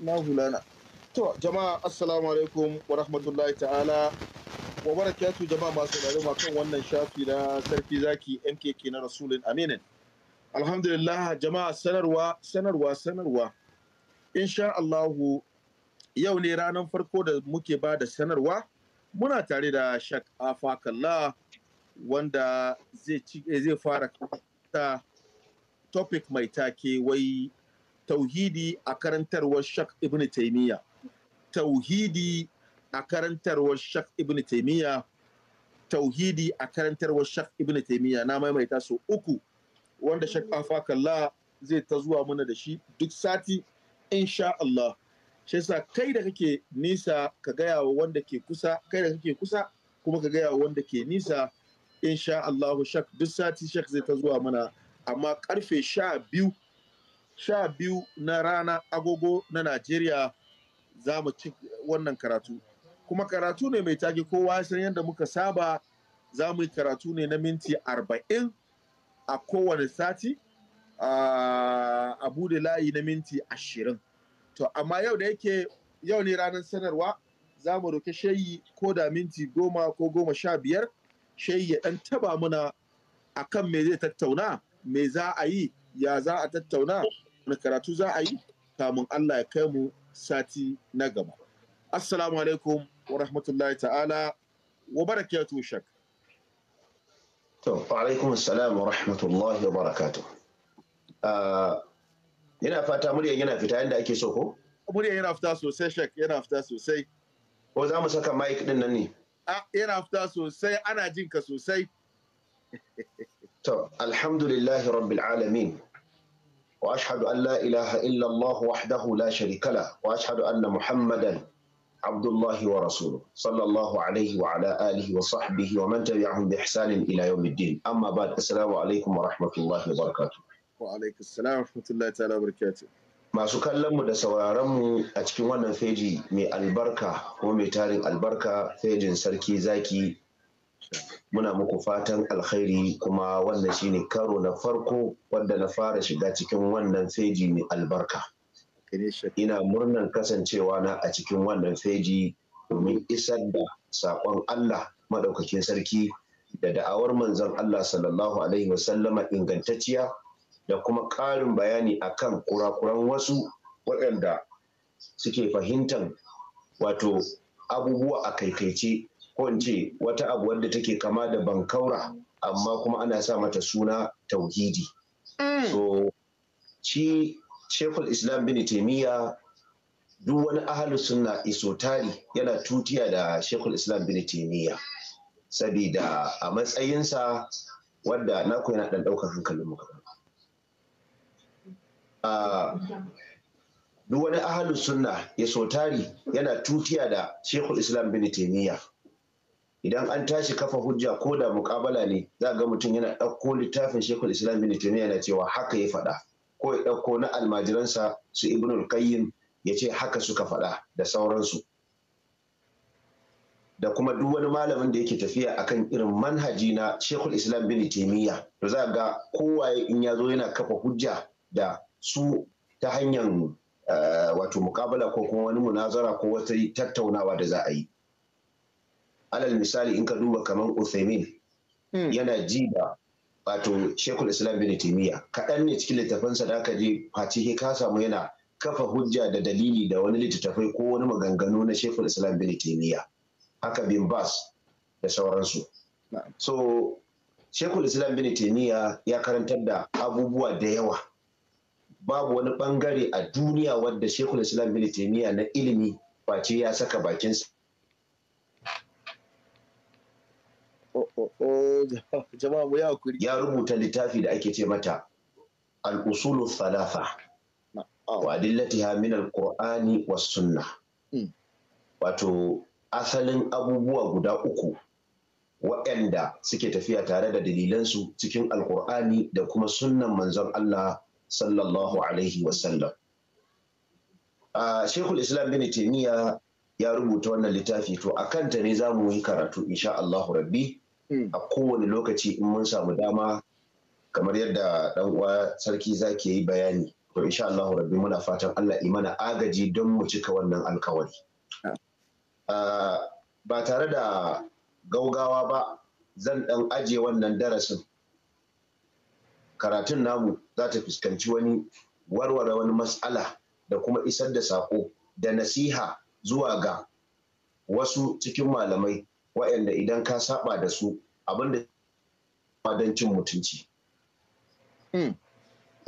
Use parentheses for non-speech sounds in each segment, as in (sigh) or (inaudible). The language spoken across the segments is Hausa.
na hulana to jama'a assalamu alaikum wa rahmatullahi ta'ala wa barakatu jama'a masu rarruma kan wannan shafi na sarki zaki mkk na rasulun aminin alhamdulillah jama'a sanarwa sanarwa sanarwa insha allahu yau ne ranar farko da muke ba da sanarwa muna tare da shak afakalla wanda eh, zai fara ta topic mai take wai tauhidi a karantarwar shak ibn taimiyya tauhidi a karantarwar shak ibn taimiyya tauhidi a karantarwar shak ibn taimiyya na maimaita so uku wanda shak afakalla zai ta zuwa mana da shi duk sati insha Allah shi yasa kai da kake nisa ka gaya wa wanda ke kusa kai da kake kusa kuma ka gaya wa wanda ke nisa insha Allah shak duk sati shak zai ta zuwa mana amma karfe sha biyu sha biyu na rana agogo na Najeriya za mu ci wannan karatu. Kuma karatu ne mai take kowa san yadda muka saba za mu yi karatu ne na minti arba'in a kowane sati a da layi na minti ashirin. To, amma yau da yake yau ne ranar sanarwa za mu roƙi shayi ko da minti goma ko goma sha biyar shayi ya ɗan taba muna akan me zai tattauna me za a yi ya za a tattauna wani karatu za a yi kamun Allah ya kai mu sati na gaba. Assalamu alaikum wa rahmatullahi ta'ala wa barakatuhu shak. To, alaikum assalam wa rahmatullahi wa barakatu. Ah, yana fata muryar yana fita yadda ake so ko? Muryar yana fita sosai shak yana fita sosai. Ko za mu saka mic din nan ne? Ah, yana fita sosai ana jinka sosai. To, alhamdulillahi rabbil alamin. واشهد ان لا اله الا الله وحده لا شريك له واشهد ان محمدا عبد الله ورسوله صلى الله عليه وعلى اله وصحبه ومن تبعهم باحسان الى يوم الدين اما بعد السلام عليكم ورحمه الله وبركاته وعليكم السلام ورحمه الله تعالى وبركاته masu kallonmu da sauraronmu a cikin wannan feji mai albarka ko mai tarin albarka fejin sarki zaki muna muku fatan alkhairi kuma wannan shine karo na farko wanda na fara shiga cikin wannan feji mai albarka ina murnan kasancewa na a cikin wannan feji domin isar da saƙon Allah maɗaukakin sarki da da'awar manzon Allah sallallahu alaihi wasallama ingantacciya da kuma ƙarin bayani akan kurakuran wasu waɗanda suke fahimtar wato abubuwa a kaikaice ko in ce wata abu wadda take kama da bankaura amma kuma ana sa mata suna tauhidi mm. so shi shekul islam bin taimiyya duk wani ahalus suna iso tari yana tutiya da shekul islam bin taimiyya sabida a matsayinsa wadda naku yana ɗan ɗaukar hankalin mu duk wani ahalus suna ya yana tutiya da shekul islam bin taimiyya idan an tashi kafa hujja ko da mukabala ne za ga mutum yana ɗauko littafin shekul islam bin taimiyya yana cewa haka ya faɗa ko ya ɗauko na almajiransa su ibnul qayyim ya ce haka suka faɗa da sauransu da kuma duk wani malamin da yake tafiya akan irin manhaji na shekul islam bin taimiyya to za ga kowaye in ya zo yana kafa hujja da su ta hanyar eh, wato mukabala ko kuma wani munazara ko wata tattaunawa da za a yi alal misali in ka duba kamar Uthaymin hmm. yana ji da wato Shekul Islam bin Taymiyyah kaɗan ne cikin littafansa da aka je face ka samu yana kafa hujja da dalili da wani littattafai ko wani maganganu na Shekul Islam bin Taymiyyah haka bin Bas da sauransu so Shekul Islam bin Taymiyyah ya karantar da abubuwa da yawa babu wani bangare a duniya wadda Shekul Islam bin Taymiyyah na ilimi face ya saka bakinsa ya rubuta littafi da ake ce mata al thalatha wa adillatiha min alqur'ani was sunnah wato asalin abubuwa guda uku waɗanda suke tafiya tare da dalilansu cikin alkur'ani da kuma sunnan manzon Allah sallallahu alaihi wasallam. Shekul Islam bin Taimiyya ya rubuta wannan littafi to a kanta ne za mu yi karatu insha Allahu rabbi Hmm. a kowane lokaci in mun samu dama kamar yadda dan uwa sarki zaki yi bayani to insha Allah rabbi muna fatan Allah imana agaji don mu cika wannan alkawari hmm. ah, ba tare da gaugawa ba zan dan aje wannan darasin karatun namu za ta fuskanci wani warware wani matsala da kuma isar da sako da nasiha zuwa ga wasu cikin malamai waɗanda idan ka saba da su abinda don cin mutunci hmm.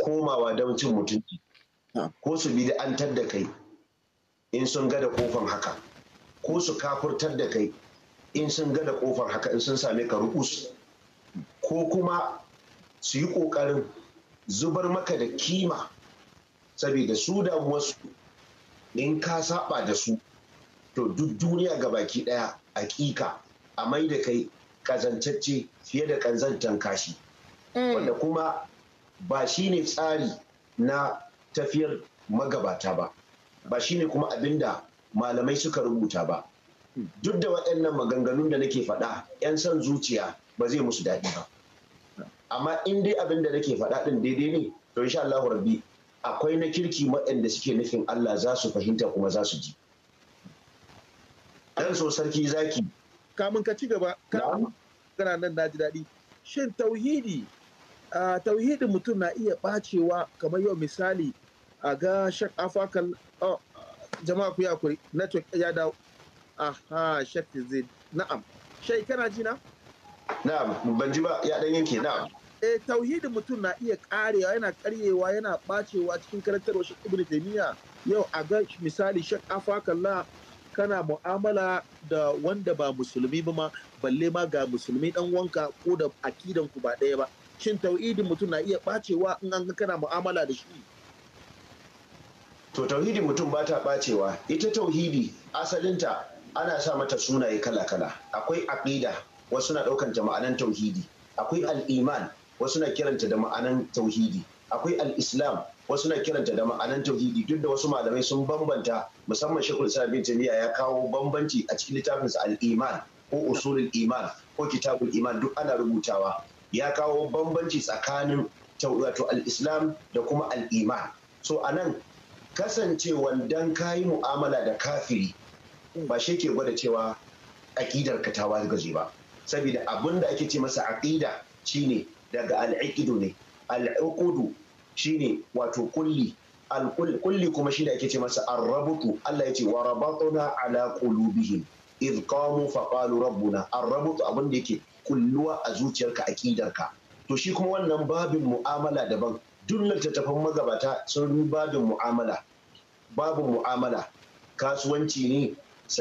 komawa don cin mutunci ko su bi an da kai in sun gada kofan haka ko su kafurtar da kai in sun gada kofan haka in sun same ka rukus ko kuma su yi ƙoƙarin zubar maka da kima saboda su damuwarsu in ka saba da su to duk duniya ga baki ɗaya hakika a mai da kai kazantacce fiye da kanzantan kashi mm. wanda kuma ba shi ne tsari na tafiyar magabata ba ba shi ne kuma abinda malamai suka rubuta ba mm. duk da waɗannan maganganun da nake faɗa 'yan son zuciya ba zai musu daɗi ba amma in dai abin da nake faɗa ɗin daidai ne to insha Allah rabbi akwai na kirki waɗanda suke nufin Allah za su fahimta kuma za su ji dan so sarki zaki kamun ka ci gaba kamun kana nan na ji daɗi shin tauhidi tauhidin mutum na iya bacewa kamar yau misali a ga shak afakal jama'a ku yakuri network ya dawo aha shak zai na'am shai kana ji na na'am ban ji ba ya dan yanke na'am eh tauhidin mutum na iya karewa yana karyewa yana bacewa cikin karantarwa shi ibnu taymiya yau a ga misali shak la. kana mu'amala da wanda ba musulmi ba ma balle ma ga musulmi ɗan wanka ko da akidan ku ba ɗaya ba shin tauhidin mutum na iya bacewa in an kana mu'amala da shi to tauhidin mutum ba ta bacewa ita tauhidi asalinta ana sa mata sunaye kala-kala akwai aqida wasu na ɗaukanta ta ma'anan tauhidi akwai al'iman wasu na kiranta da ma'anan tauhidi akwai al'islam wasu na kiranta da ma'anan tauhidi duk da wasu malamai sun bambanta musamman shekul islam bin tamiya ya kawo bambanci a cikin littafin sa al-iman ko usulul iman ko kitabul iman duk ana rubutawa ya kawo bambanci tsakanin wato al-islam da kuma al-iman so anan kasancewan dan kayi mu'amala da kafiri ba shi ke gwada cewa aƙidar ka ta gaje ba saboda abin da ake ce masa aƙida shine daga al al'iqidu ne al al'uqudu shine wato kulli kulli kuma shine ake ce masa arrabutu Allah ya ce wa rabatuna ala qulubihim idh qamu fa qalu rabbuna arrabutu abin da yake kulluwa a zuciyarka aqidarka to shi kuma wannan babin mu'amala daban duk littattafan magabata sun yi babin mu'amala babin mu'amala kasuwanci ne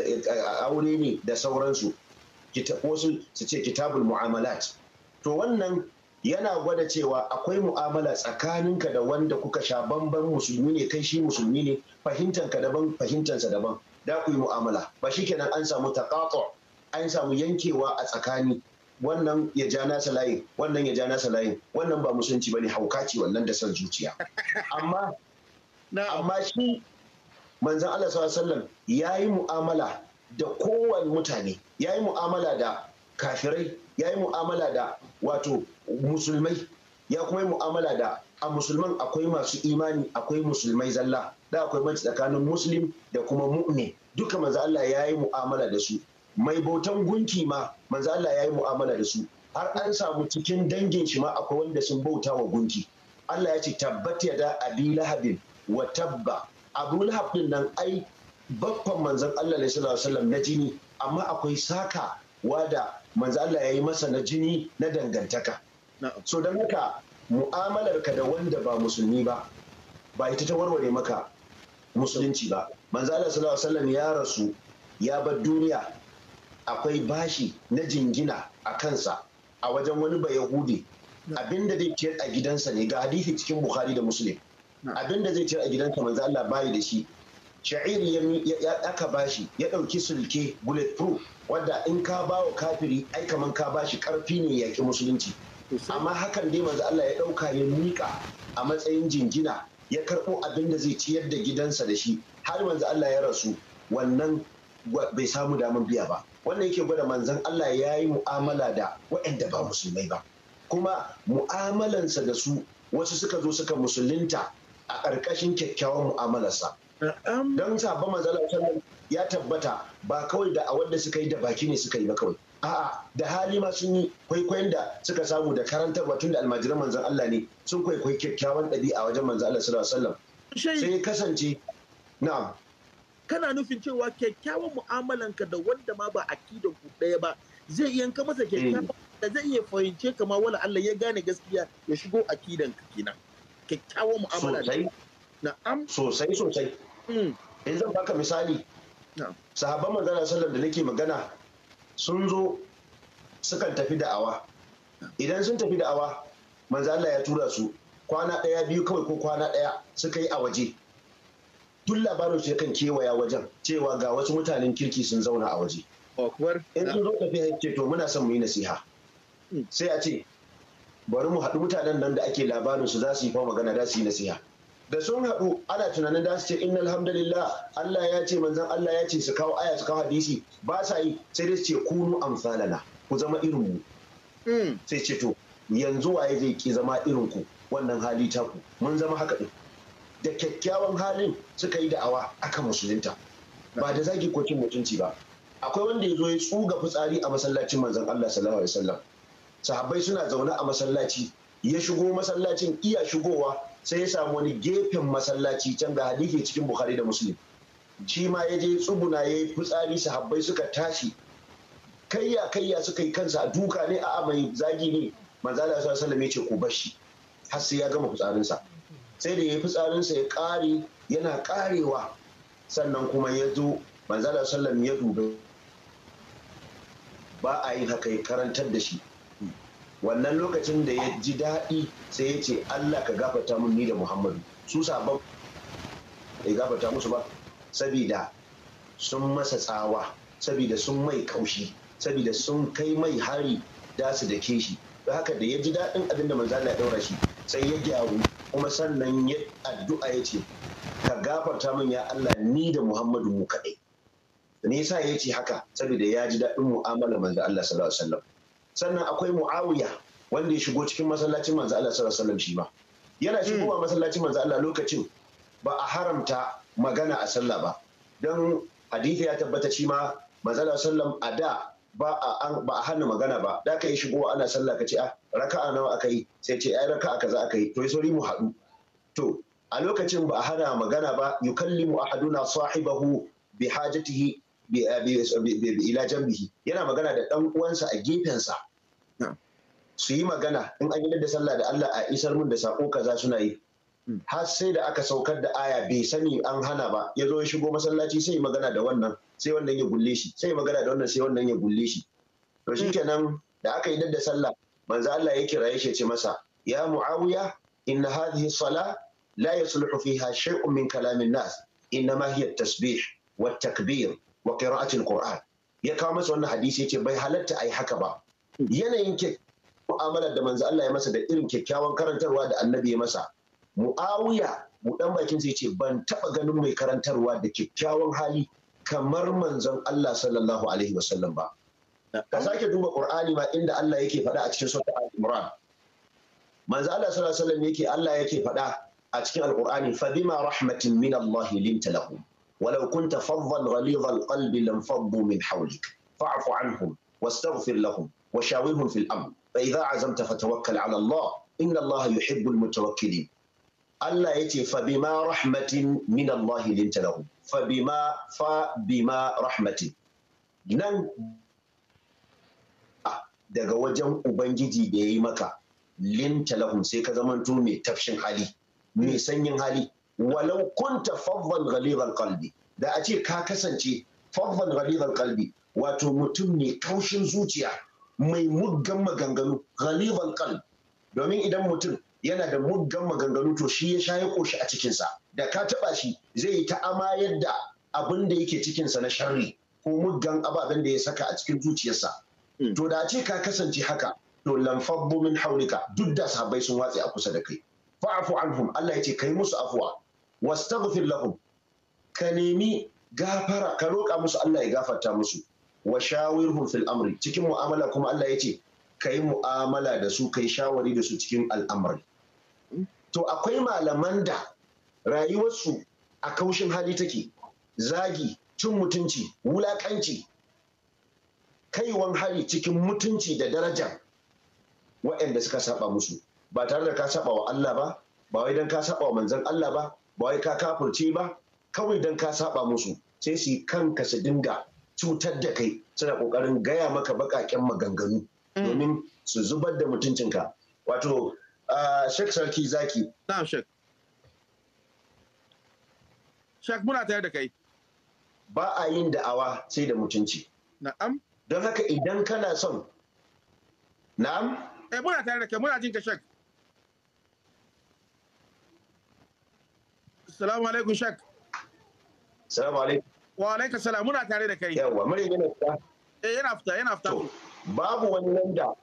eh, aure ne da sauransu wasu su ce kitabul mu'amalat to wannan yana gwada cewa akwai mu'amala tsakaninka da wanda kuka sha bamban musulmi ne kai shi musulmi ne fahimtanka daban fahimtansa daban da ku yi mu'amala ba shi kenan an samu taƙaƙo an samu yankewa a tsakani wannan ya ja nasa layin wannan ya ja nasa layin wannan ba musulunci bane hauka ce wannan da san zuciya amma amma shi manzon Allah sallallahu alaihi wasallam yayi mu'amala da kowane mutane yayi mu'amala da kafirai yayi mu'amala da wato musulmai ya kuma yi mu'amala da a musulman akwai masu imani akwai musulmai zalla da akwai mace tsakanin muslim da kuma mu'min duka manzo Allah ya yi mu'amala da su mai bautan gunki ma manzo Allah ya yi mu'amala da su har an samu cikin dangin shi ma akwai wanda sun bauta wa gunki Allah ya ce tabbat ya da abi lahabin wa tabba abu lahab din nan ai babban manzon Allah ne sallallahu alaihi wasallam na jini amma akwai saka wada manzo Allah ya yi masa na jini na dangantaka so don haka mu'amalar ka da wanda ba musulmi ba ba ita ta warware maka musulunci ba manzo Allah sallallahu alaihi wasallam ya rasu ya bar duniya akwai bashi na jingina a kansa a wajen wani ba yahudi abinda zai ciyar a gidansa ne ga hadisi cikin bukhari da muslim abinda zai ciyar a gidansa manzo Allah bai da shi sha'ir ya aka bashi ya dauki sulke bulletproof wanda in ka bawa kafiri ai kaman ka bashi karfi ne yaki musulunci amma hakan dai manzo Allah ya dauka ya mika a matsayin jingina ya karɓo abin da zai ciyar da gidansa da shi har manzo Allah ya rasu wannan bai samu damar biya ba wannan yake gwada manzan Allah ya yi mu'amala da waɗanda ba musulmai ba kuma mu'amalansa da su wasu suka zo suka musulunta a ƙarƙashin kyakkyawan mu'amalarsa don sabon manzon Allah ya tabbata ba kawai da a wanda suka yi da baki ne suka yi ba kawai a'a da hali ma sun yi kwaikwayon da suka samu da karantar batun da almajiran manzan Allah ne sun kwaikwayi kyakkyawan ɗabi'a wajen manzan Allah sallallahu alaihi wasallam sai kasance na'am kana nufin cewa kyakkyawan ka da wanda ma ba akidan ku ɗaya ba zai iya ka masa kyakkyawan mm. da zai iya fahimce ka ma wala Allah ya gane gaskiya ya shigo akidan ka kenan kyakkyawan mu'amala sosai na'am sosai sosai mm. in zan baka misali sahabban manzon sallallahu alaihi wasallam da nake magana sun zo sukan tafi da'awa idan sun tafi da'awa manzo Allah ya tura su kwana ɗaya biyu kawai ko kwana ɗaya suka yi a waje duk labarin su yakan kewaya wajen cewa ga wasu mutanen kirki sun zauna a waje in sun zo tafiya ce to muna son mu yi nasiha hmm. sai a ce bari mu haɗu mutanen nan da ake labarin su za su yi fa magana za su yi nasiha da sun haɗu ana tunanin da su ce inna alhamdulillah Allah ya ce manzan Allah ya ce su kawo aya su kawo hadisi ba sa yi sai dai su ce kunu amsalana ku zama irin mu hmm. sai ce to yanzu waye zai ki zama irin ku wannan hali ta ku mun zama haka din da kyakkyawan halin suka yi da'awa akan musulunta ba da zagi ko cin mutunci ba akwai wanda ya zo ya tsuga fitsari a masallacin manzan Allah sallallahu alaihi wasallam sahabbai suna zaune a masallaci ya shigo masallacin iya shigowa sai ya samu wani gefen masallaci can ga hadisi cikin bukhari da muslim shi ma ya je tsubuna ya yi fitsari sahabbai suka tashi kayya kayya suka yi kansa a duka ne a mai zagi ne manzala su alaihi ya ce ku bashi har sai ya gama fitsarinsa sai da ya yi fitsarinsa ya kare yana karewa sannan kuma ya zo manzala sallallahu ya dubi ba a yi haka ya karantar da shi wannan lokacin da ya ji daɗi sai ya ce Allah ka gafata mun ni da Muhammadu su sabon ya gafata musu ba sabida sun masa tsawa sabida sun mai kaushi sabida sun kai mai hari da su da ke shi don haka da ya ji daɗin abin da manzana ya ɗaura shi sai ya gyaru kuma sannan ya addu'a ya ce ka gafata min ya Allah ni da Muhammadu mu kaɗai. Da nisa ya ce haka saboda ya ji daɗin mu'amala manzo Allah sallallahu alaihi wasallam. sannan akwai muawiya wanda ya shigo cikin masallacin manzo Allah sallallahu alaihi wasallam shi ba yana hmm. shigowa masallacin manzo Allah lokacin ba a haramta magana a sallah ba don hadisi ya tabbata shi ma manzo Allah sallam a da ba a ba a hana magana ba da ka yi shigowa ana sallah kace a ah, raka'a nawa aka yi sai ce ai raka'a kaza aka yi to ya sauri mu haɗu to a lokacin ba a hana magana ba yukallimu ahaduna sahibahu bi hajatihi Eh, ila jambihi yana magana da dan uwansa a gefensa su yi magana in an yi da sallah da Allah a isar mun da sako kaza suna yi hmm. har sai da aka saukar da aya bai sani an hana ba ya zo ya shigo masallaci sai magana da wannan sai wannan ya gulle shi sai magana da wannan sai wannan ya gulle shi to hmm. shikenan da aka yi da sallah manzo Allah ya kira ya ce masa ya muawiya inna hadhihi sala la yasluhu fiha shay'un min kalamin nas inma hiya tasbih wa takbir wa qira'atil qur'an ya kawo masa wannan hadisi yace bai halatta ai haka ba yanayin ke mu'amalar da manzo Allah ya masa da irin kyakkyawan karantarwa da annabi ya masa mu'awiya mu dan bakin sai ce ban taɓa ganin mai karantarwa da kyakkyawan hali kamar manzon Allah sallallahu alaihi wasallam ba ka sake duba qur'ani ma inda Allah yake faɗa a cikin sura al-imran manzo Allah sallallahu alaihi wasallam yake Allah yake faɗa a cikin alqur'ani fa bima rahmatin min Allah linta lahum ولو كنت فظا غليظ القلب لانفضوا من حولك فاعف عنهم واستغفر لهم وشاورهم في الامر فاذا عزمت فتوكل على الله ان الله يحب المتوكلين Allah ya ce fabima rahmatin min Allah linta lahu fabima fa rahmatin nan daga wajen ubangiji da ya yi maka linta lahum sai ka zamanto mai tafshin hali mai sanyin hali walau kunta faddan kalbi, qalbi da a ce ka kasance faddan ghalizal kalbi, wato mutum ne kaushin zuciya mai muggan maganganu ghalizal qalbi domin idan mutum yana da muggan maganganu to shi ya shaye koshi a cikinsa da ka taba shi zai yi ta ama yadda abin da yake cikinsa na sharri ko muggan ababen da ya saka a cikin zuciyarsa hmm. to da a ce ka kasance haka to lamfabbu min haulika duk da sahabbai sun watse a kusa da kai fa'afu anhum Allah ya ce kai musu afuwa wastaghfir lahum ka nemi gafara ka roƙa musu Allah ya gafarta musu wa shawirhum fil amri cikin mu'amala kuma Allah ya ce ka yi mu'amala da su ka yi shawari da su cikin al'amari to akwai malaman da rayuwarsu a kaushin hali take zagi cin mutunci wulakanci kaiwan hari cikin mutunci da daraja waɗanda suka saba musu ba tare da ka saba wa Allah ba ba wai don ka saba wa manzon Allah ba ba wai ka kafurce ba kawai dan ka saba musu sai su kanka su dinga cutar da kai suna kokarin gaya maka bakaken maganganu mm. domin su zubar da mutuncinka wato shek sarki zaki na shek shek muna tare da kai ba a yin da'awa sai da mutunci na'am don haka idan kana son na'am eh muna tare da kai muna jin ka shek Salamu alaikum Shak. Salamu alaikum. Wa alaikum salam muna tare da kai. Yawwa murya yana fita. Eh yana fita yana fita. Babu wani wanda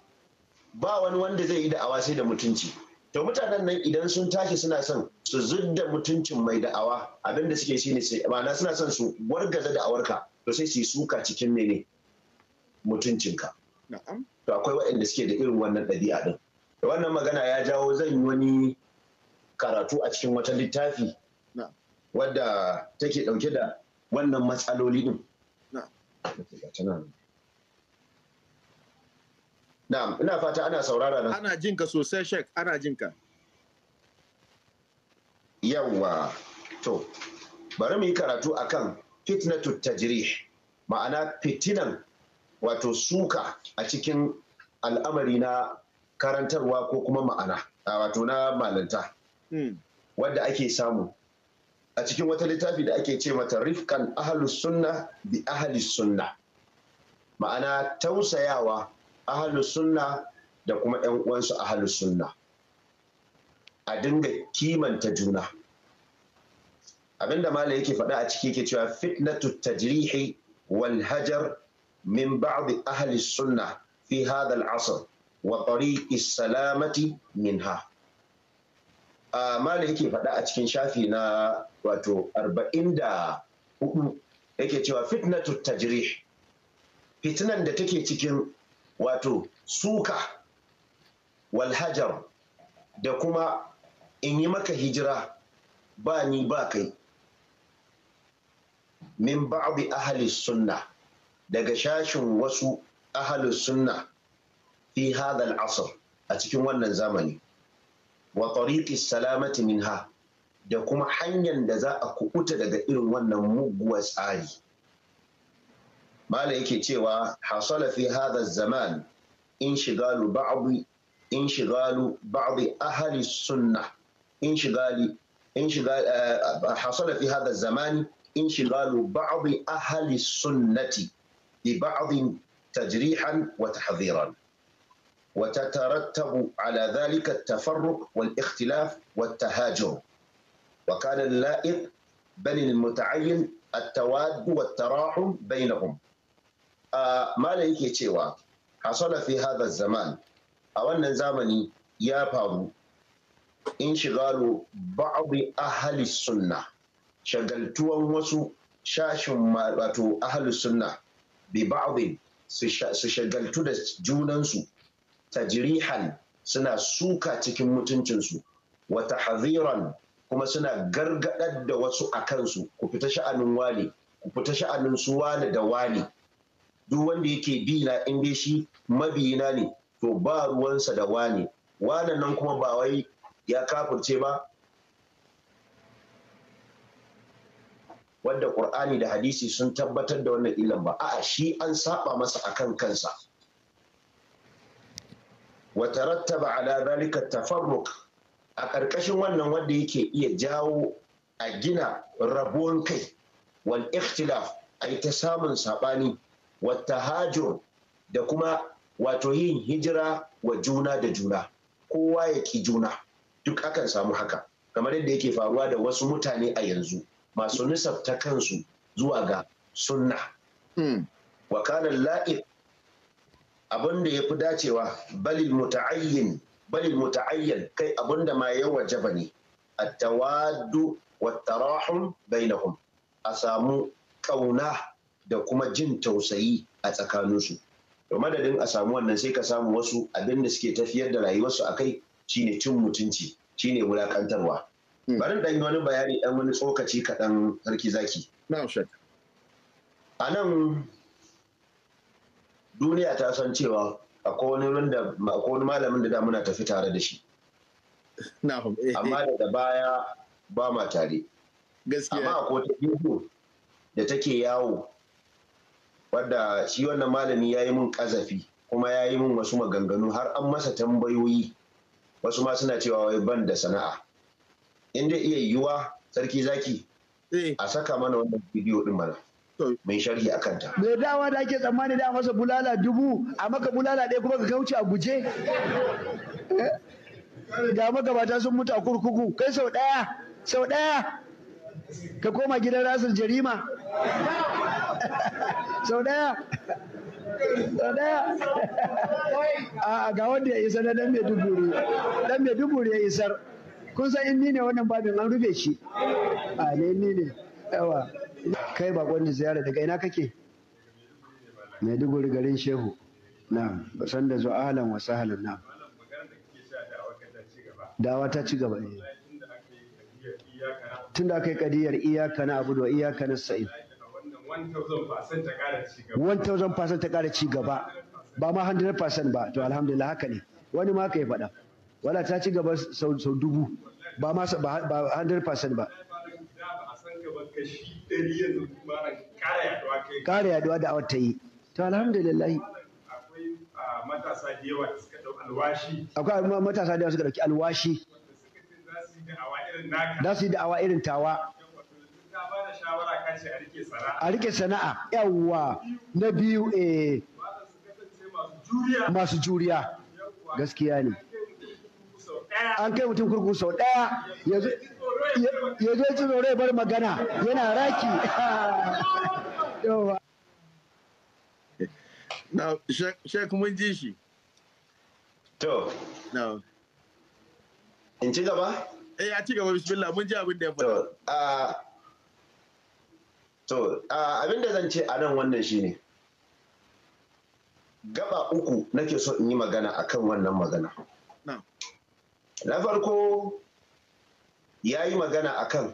ba wani wanda zai yi da'awa sai da mutunci. To mutanen nan idan sun tashi suna son su zudda mutuncin mai da'awa abinda suke shi ne sai ma'ana suna son su wargaza da'awarka to sai su yi suka cikin mene mutuncinka. To akwai waɗanda suke da irin wannan ɗabi'a ɗin. Da wannan magana ya jawo zan yi wani karatu a cikin wata littafi wadda take dauke da wannan matsaloli din na'am ina fata ana saurara nan ana jin ka sosai shek ana jin ka yawa to bari mu yi karatu akan fitnatu tajrih ma'ana fitinan wato suka a cikin al'amari na karantarwa ko kuma ma'ana wato na malanta hmm. wadda ake samu a cikin wata littafi da ake ce mata rifkan ahalus sunna bi ahalis sunna ma'ana tausayawa ahalus sunna da kuma 'yan uwansu ahalus sunna a dinga kimanta juna abinda Malam yake faɗa a ciki ke cewa fitnatu tajrihi wal hajar min ba'd ahli sunna fi hadha al asr wa tariqi salamati minha malam yake faɗa a cikin shafi na wato arba'in da hudu yake cewa fitnatu tajrih fitnan da take cikin wato suka walhajar da kuma in yi maka hijira ba ni ba kai min ba'abi ahli sunna daga shashin wasu ahalis sunna fi hadal al a cikin wannan zamani wa tariqi salamati minha da kuma hanyar da za a kukuta daga irin wannan muguwar tsari mala yake cewa hasala fi hadha zaman inshigalu ba'd inshigalu ba'd ahli sunnah inshigali inshigal eh, hasala fi hadha zaman inshigalu ba'd ahli sunnati bi ba'd tajrihan wa tahdhiran وتترتب على ذلك التفرق والاختلاف والتهاجر وكان اللائق بل المتعين التواد والتراحم بينهم آه ما لك يتشوى حصل في هذا الزمان أولا زمني يا بابو انشغال بعض أهل السنة شغلتوا وسو شاش أهل السنة ببعض سشغلتوا جونانسو tajrihan suna suka cikin mutuncinsu wata haziran kuma suna gargadar da wasu a kansu ku fita sha'anin wale ku fita sha'anin su wale da wale duk wanda yake bi na in dai shi mabiyina ne to ba ruwansa da wane wane nan kuma ba wai ya kafirce ba wadda ƙur'ani da hadisi sun tabbatar da wannan ilan ba a'a shi an saba masa akan kansa wata tarattaba ala zalika a ƙarƙashin wannan wanda yake iya jawo a gina rabuwan kai wal ikhtilaf a yi ta samun saɓani wata hajur da kuma wato yin hijira wa juna da juna kowa ya ƙi juna duk akan samu haka kamar yadda yake faruwa da wasu mutane a yanzu masu nisabta kansu zuwa ga sunna mm. wakanan la'ib abin da ya fi dacewa balil muta'ayyin balil muta'ayyan kai abin da ma ya wajaba ne a tawaddu wa tarahum bainahum a samu kauna da kuma jin tausayi a tsakaninsu to madadin a samu wannan sai ka samu wasu abin da suke tafiyar da rayuwarsu akai shine cin mutunci shine wulakantarwa hmm. bari dan wani bayani dan wani tsokaci kaɗan sarki zaki a nan duniya ta san cewa akwai wani malamin da damuna muna tafi tare da shi eh, amma eh. daga baya ba ma tare amma akwai ta biyu da take yawo wadda shi wannan malami ya yi mun kazafi kuma ya yi mun wasu maganganu har an masa tambayoyi wasu ma suna cewa wai ban da sana'a inda iya yiwuwa sarki zaki eh. a saka mana wannan bidiyo din mana mai shari a kanta. Me dawa da ake tsammani da masa bulala dubu a maka bulala ɗaya kuma ka kauce a guje? Eh? Ga magabata sun mutu a kurkuku kai sau ɗaya sau ɗaya ka koma gidan rasul jarima (laughs) sau ɗaya sau ɗaya (laughs) a ga wanda ya isa na dan mai duburi dan mai duburi ya isar kun san in ne wannan babin an rufe shi a ne ni ne yawa kai bakon ziyara daga ina kake maiduguri garin shehu na san da zuwa ahalan wasu sahalan na dawa ta ci gaba eh. tun da aka yi kadiyar iyaka na abu da iyaka na sa'id 1000% ta kara ci gaba ba ma 100% ba to alhamdulillah haka ne wani ma ka yi faɗa wala ta ci gaba sau dubu ba ma 100% ba kashi ɗari yanzu kuma ƙara yaduwa kai ƙara yaduwa da awata yi to alhamdulillah akwai matasa da yawa da suka dauki alwashi akwai matasa da yawa suka ɗauki alwashi za su yi da awa irin tawa a rike sana'a yawwa na biyu eh, masu juriya gaskiya ne an kai mutum kurkuku sau ɗaya ya zo ya tsoro ya bar magana yana raki (laughs) na shek mun ji shi to na in ci gaba eh ya ci gaba bismillah mun ji abin da ya faɗa to abin da zan ce a nan wannan shine gaba uku nake so in yi magana akan wannan magana na farko ya yi magana a kan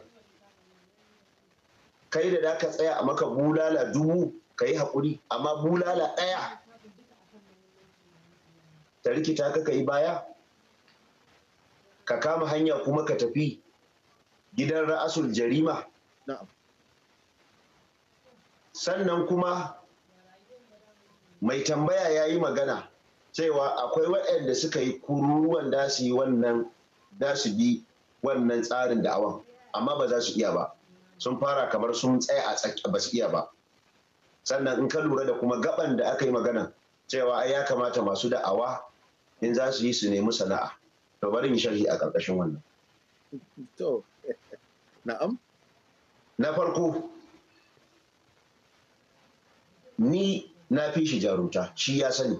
kai da da ka tsaya a maka bulala dubu ka yi haƙuri amma bulala ɗaya ta rikita ka ka yi baya ka kama hanya kuma ka tafi gidan ra'asul jarima sannan kuma mai tambaya ya yi magana cewa akwai waɗanda suka yi kururuwan da su yi wannan da su bi wannan tsarin da da'awan amma ba za su iya ba sun fara kamar sun tsaya a tsakiya ba su iya ba sannan in ka lura da kuma gaban da aka yi magana cewa ai ya kamata masu da'awa in za su yi su nemi sana'a to bari in sharhi a ƙarƙashin wannan to na'am na farko ni na fi shi jarumta shi ya sani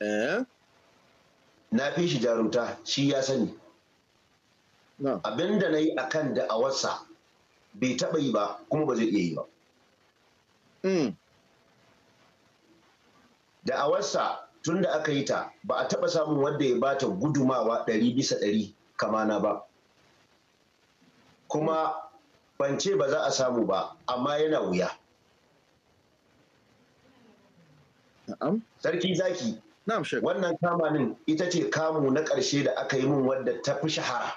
Eh? na fi shi jaruta shi ya sani abinda na yi a kan da'awarsa bai taɓa yi ba kuma ba zai iya yi ba hmm. da'awarsa tun da aka yi ta ba a taɓa samun wanda ya bata gudumawa ɗari bisa ɗari kamana ba kuma ban ce ba za a samu ba amma yana wuya sarki zaki wannan kamanin ita ce kamu na ƙarshe da aka yi min wadda ta fi shahara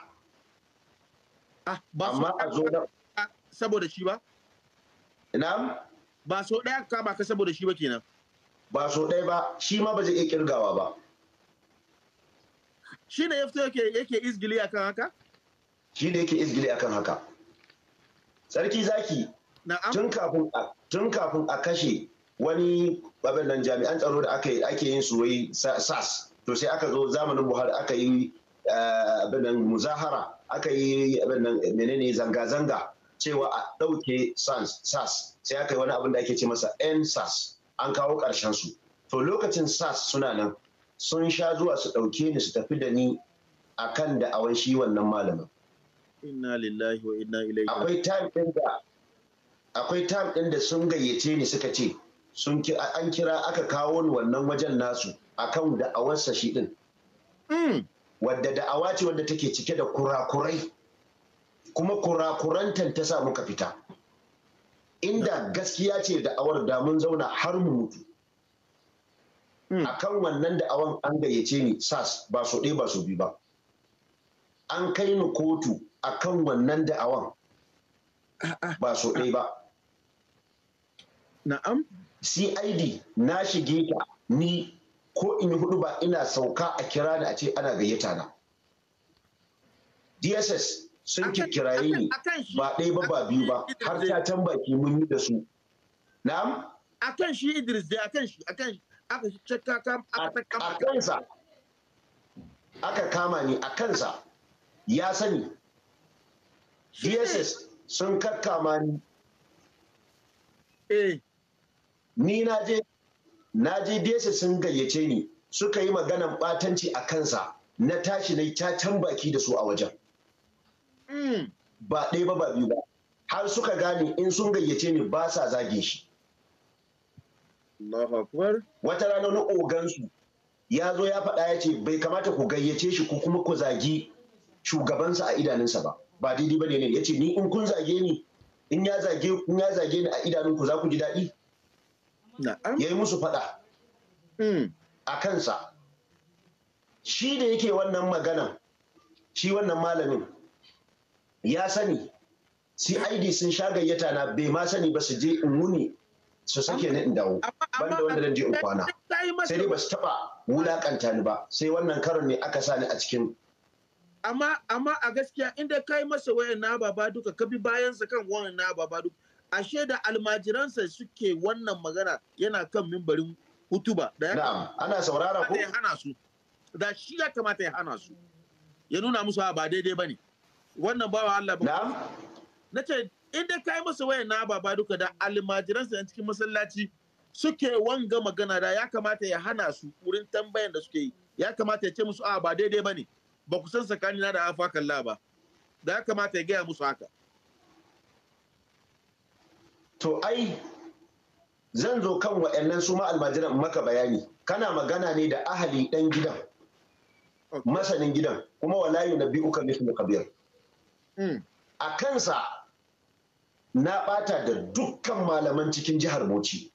ah, amma a zo da saboda shi ba ina ba so ɗaya kama ka saboda shi ba kenan ba so ɗaya ba shi ma ba zai iya kirgawa ba shi ne ya fito yake izgili akan haka shi ne yake izgili akan haka sarki zaki tun kafin a kashe wani babban nan jami'an tsaro da ake yin su wai sas to sai aka zo zamanin buhari aka yi eh, abin muzahara aka yi abin nan menene zanga-zanga cewa a ɗauke sas sai aka yi wani abin da ake ce masa n sas an kawo ƙarshen su to lokacin sas suna nan sun sha zuwa su ɗauke ni su tafi da ni akan da awan shi wannan malamin inna lillahi wa inna ilaihi akwai time din da akwai time din da sun gayyace ni suka ce sun an kira aka kawo ni wannan wajen nasu akan da'awar shi din hmm. wadda da'awa ce wadda take cike da kurakurai kuma kurakurantan ta sa muka fita inda gaskiya ce da'awar da mun zauna har mu mutu hmm. kan wannan da'awan an gayyace ni sas ba su ɗaya ba su biyu ba an kai ni kotu akan wannan da'awan ah, ah. ba su ɗaya ba na'am cid na shige ta ni ko in yi hudu ba ina sauka a kira da a ce ana gayyata na dss sun kiraye ni ba ɗaya ba ba biyu ba har ta tambaki mun yi da su na'am kan shi idris dai kan shi aka aka kama kansa aka kama ni a kansa ya sani dss sun kakkama ni eh ni na je na je desa sun gayyace ni suka yi maganan batanci a kansa na tashi na cacan baki da su a wajen hmm. ba ɗaya ba ba biyu ba har suka gane in sun gayyace ni ba sa zage shi wata rana na ogansu ya zo ya faɗa ya ce bai kamata ku gayyace shi ko kuma ku zagi shugabansa a idanunsa ba ba daidai ba ne ya ce ni in kun zage ni in ya zage ni a idanunku za ku ji daɗi ya yi musu faɗa hmm. a kansa shi da yake wannan magana shi wannan malamin ya sani cid sun sha gayyata na bai ma sani ba su je in wuni su sake ni in dawo banda wanda zan je in kwana sai dai ba su taba wulakanta ni ba sai wannan karon ne aka sani a cikin amma amma a gaskiya inda kai masa wayan na baba duka ka bi bayan sa kan wayan na baba duka ashe da almajiransa suke wannan magana yana kan mimbarin hutuba da ya ana saurara ko ya hana su da shi ya kamata ya hana su ya nuna musu ah, ba daidai bane wannan bawa Allah ba na ce in dai kai masa wayan na baba duka da almajiransa a cikin masallaci suke wanga magana da ya kamata ya hana su wurin tambayan da suke yi ya kamata ya ce musu a ah, ba daidai bane ba ku san tsakanina da afakan ba da ya kamata ya gaya musu haka to ai zan zo kan wa'annan su ma almajiran maka bayani kana magana ne da ahali dan gidan masanin gidan kuma walayu na biyu kan nufin da hmm. a kansa na bata da dukkan malaman cikin jihar bauchi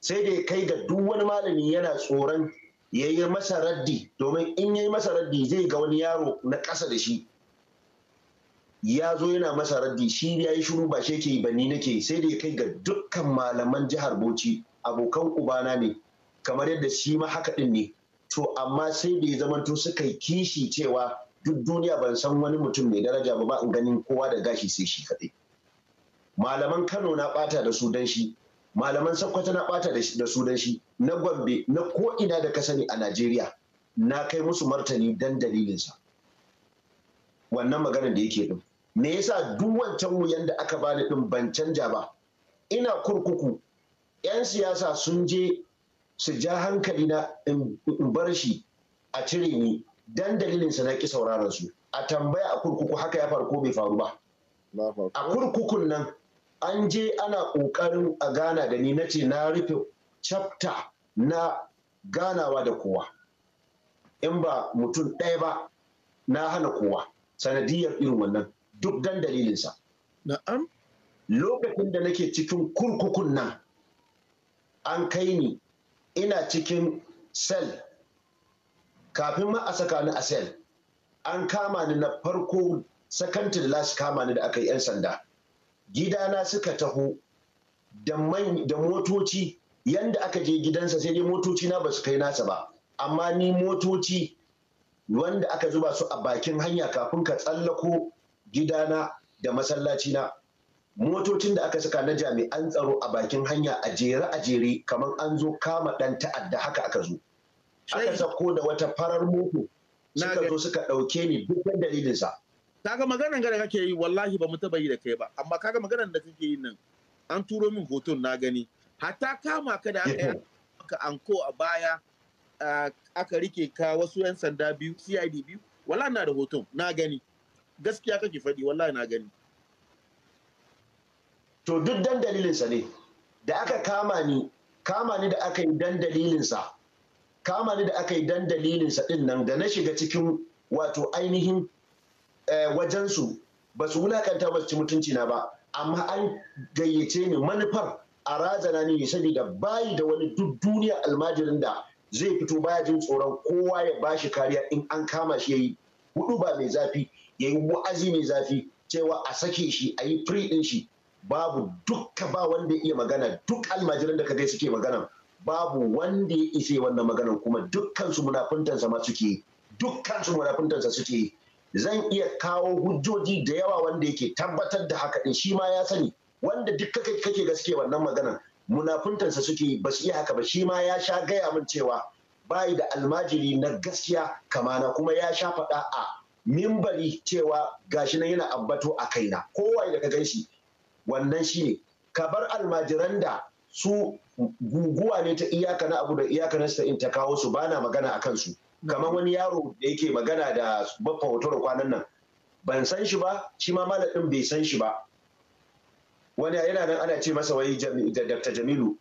sai da ya kai ga duk wani malami yana tsoron ya yi masa raddi domin in ya yi masa raddi zai ga wani yaro na ƙasa da shi ya zo yana masa raddi shi ya yi shiru ba shi yake yi ba ni nake sai da ya kai ga dukkan malaman jihar Bauchi abokan ubana ne kamar yadda shi ma haka din ne to amma sai da ya zamanto suka yi kishi cewa duk duniya ban san wani mutum mai daraja ba ba in ganin kowa da gashi sai shi kaɗai malaman Kano na bata da su dan shi malaman Sokoto na bata da su dan shi na Gombe na ko ina da ka sani a Najeriya na kai musu martani dan dalilinsa wannan maganar da yake din me yasa duk wancan wuyan da aka bani din ban canja ba ina kurkuku 'yan siyasa sun je su ja hankali na in bar shi a cire ni dan dalilin sa na ki sauraron su a tambaya a kurkuku haka ya farko bai faru ba a kurkukun nan an je ana ƙoƙarin a gana da ni nace na rufe chapter na ganawa da kowa in ba mutum ɗaya ba na hana kowa sanadiyar irin wannan duk dan dalilinsa na'am lokacin da nake cikin kurkukun nan an kai ni ina cikin sel kafin ma a saka ni a sel an kama ni na farko sakantin da su kama ni da aka yi 'yan sanda gidana suka taho da motoci yanda aka je gidansa sai dai motoci na ba su kai nasa ba amma ni motoci wanda aka zuba su a bakin hanya kafin ka tsallako gidana da masallaci na, motocin da aka saka na jami'an tsaro a bakin hanya a jere a jere kamar an zo kama dan ta'adda haka aka zo aka sako da wata farar moto suka zo suka dauke ni duk dalilinsa kaga maganar da kake yi wallahi ba mu taba yi da kai ba amma kaga maganar da kake yi nan an turo min hoton na gani hatta kama ka da aka maka anko a baya aka rike ka wasu yan sanda biyu CID biyu wallahi na da hoton na gani gaskiya kake faɗi wallahi na gani to duk dan dalilinsa ne da aka kama ni kama ni da aka yi dan dalilinsa kama ni da aka yi dan dalilinsa din nan da na shiga cikin wato ainihin eh, wajensu ba su wulakanta ba su ci mutunci na ba amma an gayyace ni manufar a razana ne saboda bayi da wani duk duniya almajirin da zai fito baya jin tsoron kowa ya bashi kariya in an kama shi yayi hudu ba mai zafi ya yi wa'azi mai zafi cewa a sake shi a yi firi ɗin shi babu dukka ba wanda ya iya magana duk almajiran da kadai suke magana babu wanda ya yi wannan maganan kuma dukkansu munafuntansa ma suke dukkansu munafuntansa suke zan iya kawo hujjoji da yawa wanda yake tabbatar da haka ɗin shi ma ya sani wanda duk kake gaske wannan maganan munafuntansa suke ba su iya haka ba shi ma ya sha gaya min cewa bayi da almajiri na gaskiya kamana kuma ya sha faɗa a mimbari cewa gashi nan yana ambato a kaina kowa da ka gan shi wannan shine ka bar almajiran da su guguwa ne ta iyaka na abu da iyaka na sa'in ta kawo su bana magana a kansu kamar wani yaro da yake magana da baffa hoto kwanan nan ban san shi ba shi ma malamin bai san shi ba wani yana nan ana ce masa wai dr jamilu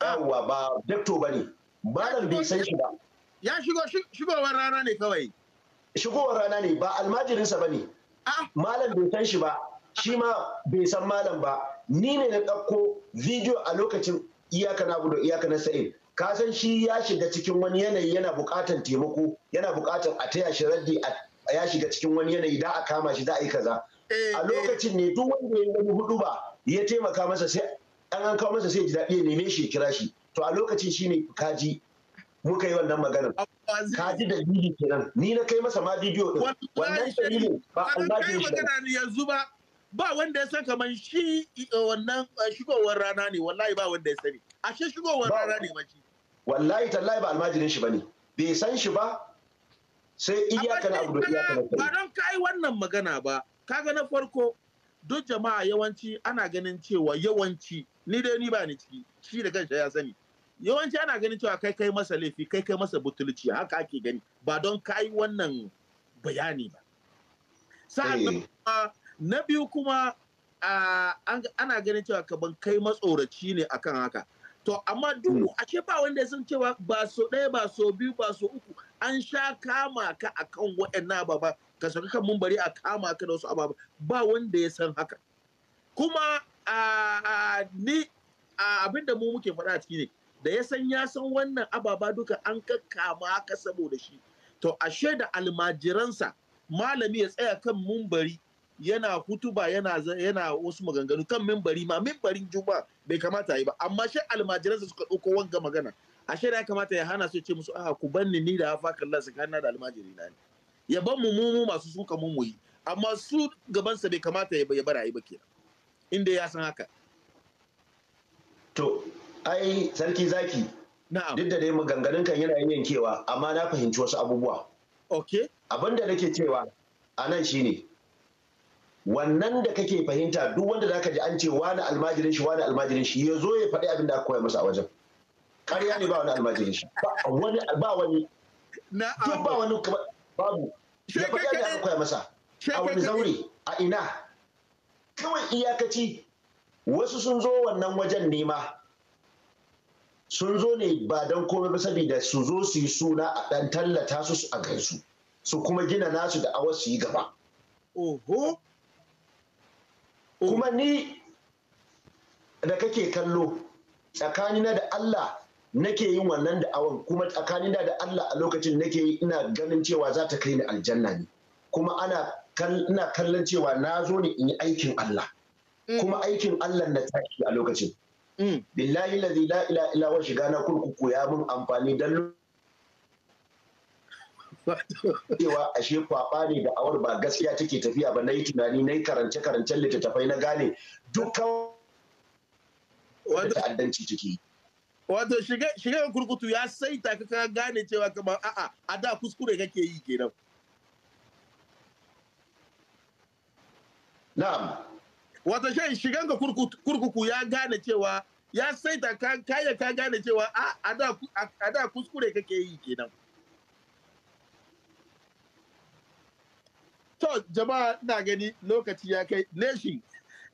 yawwa ba dakto ba ne malam bai san shi ba ya shigo shigowar rana ne kawai shigowar rana ne ba almajirinsa ba ne ah. malam bai san shi ba shi ma bai san malam ba ni ne na ɗauko bidiyo a lokacin iyaka na gudu iyaka na sa'in ka san shi ya shiga cikin wani yanayi yana buƙatar taimako yana buƙatar a taya shi raddi ya shiga cikin wani yanayi da a kama shi za a yi kaza eh, a lokacin ne duk wanda ya wani hudu ba ya taimaka masa sai an an kawo masa sai ji daɗi ya neme shi kira shi to a lokacin shi ne kaji muka yi wannan magana. ka ji da dalili kenan ni na kai masa ma bidiyo din wannan dalili ba Allah ya magana ne yanzu ba ba wanda ya san kaman shi eh, wannan eh, shigowar rana ne wallahi ba wanda ya sani ashe shigowar rana ne ba wallahi tallahi ba almajirin shi bane bai san shi ba sai iyaka na abu da iyaka na ba don kai wannan magana ba kaga na farko duk jama'a yawanci ana ganin cewa yawanci ni dai ni ba ni ciki shi da kansa ya sani yawanci ana ganin cewa kai kai masa laifi kai kai masa butulci haka ake gani ba don kai wannan bayani ba sa'an eh. na biyu kuma ana ganin cewa ka ban kai matsoraci ne akan haka to amma duk hmm. ashe ba wanda sun cewa ba so ɗaya ba so biyu ba so uku an sha kama ka akan waɗannan ababa ka saka kan mun bari a kama ka da wasu ababa ba wanda ya san haka kuma ni abin mu muke faɗa a ciki ne da ya san ya san wannan ababa duka an kakkama haka saboda shi to ashe da almajiransa malami ya tsaya kan mumbari yana hutuba yana yana wasu maganganu kan mimbari ma mimbarin juma bai kamata yi ba amma shi almajiransa suka ɗauko wanga magana ashe da ya kamata ya hana su ce musu aha ku banni ni da hafa kallon su kana da almajiri na ne ya ban mu mu masu suka mu mu yi amma su gabansa bai kamata ya bara yi ba kenan inda ya san haka to ai sarki zaki duk da dai maganganun kan yana yankewa amma na fahimci wasu abubuwa okay abin da nake cewa a nan shine wannan da kake fahimta duk wanda zaka ji an ce wani almajirin shi wani almajirin shi ya zo ya faɗi abin da aka koya masa a wajen ƙarya ne ba wani almajirin shi ba wani ba wani duk ba wani babu ya faɗi abin da aka koya masa a wani zaure a ina kawai iyakaci wasu sun zo wannan wajen nema sun zo ne ba don komai ba saboda su zo su yi suna a ɗan tallata su a gaisu su kuma gina nasu da awa su yi gaba. Oho! Kuma ni da kake kallo tsakanina da Allah nake yin wannan awan kuma tsakanina da Allah a lokacin nake yi ina ganin cewa za ta kai ni aljanna ne kuma ana kallon cewa na zo ne in yi aikin Allah mm. kuma aikin Allah na tashi a lokacin Mm. billahi lazi la ila ila wa shiga na kurkuku ya mun amfani dan cewa ashe kwaba ne da awar ba gaskiya take tafiya ba na yi tunani na yi karance karancen littattafai na gane dukkan ta'addanci ciki wato shiga kurkutu ya saita ka gane cewa kamar a'a a da kuskure kake yi kenan na'am Wata shan shigan ga kurkuku ya gane cewa ya saita kaya ka gane cewa a da kuskure kake yi kenan. To jama'a na gani lokaci ya kai nation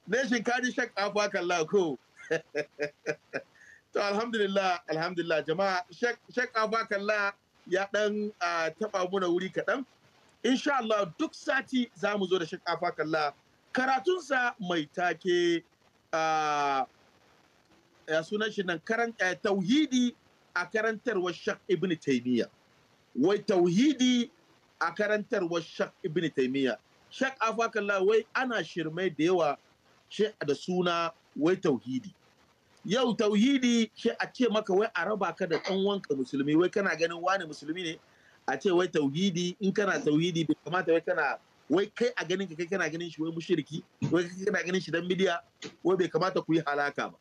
nation kadi shak afa kalla ko. (laughs) to alhamdulillah alhamdulillah jama'a shak afa kalla ya dan taba muna wuri kaɗan. Insha Allah duk sati za mu zo da shak afa kalla. karatunsa mai take a sunan shi nan eh, tauhidi a karantarwar shak ibn taimiyya wai tauhidi a karantarwar shak ibn taimiyya shak afakallah wai ana shirme da yawa shi da suna wai tauhidi yau tauhidi shi a ce maka wai a raba ka da ɗan wanka musulmi wai kana ganin wani musulmi ne a ce wai tauhidi in kana tauhidi bai kamata wai kana wai kai a ganin ka kai kana ganin shi wai mushriki wai kai kana ganin shi dan midiya. wai bai kamata ku yi halaka ba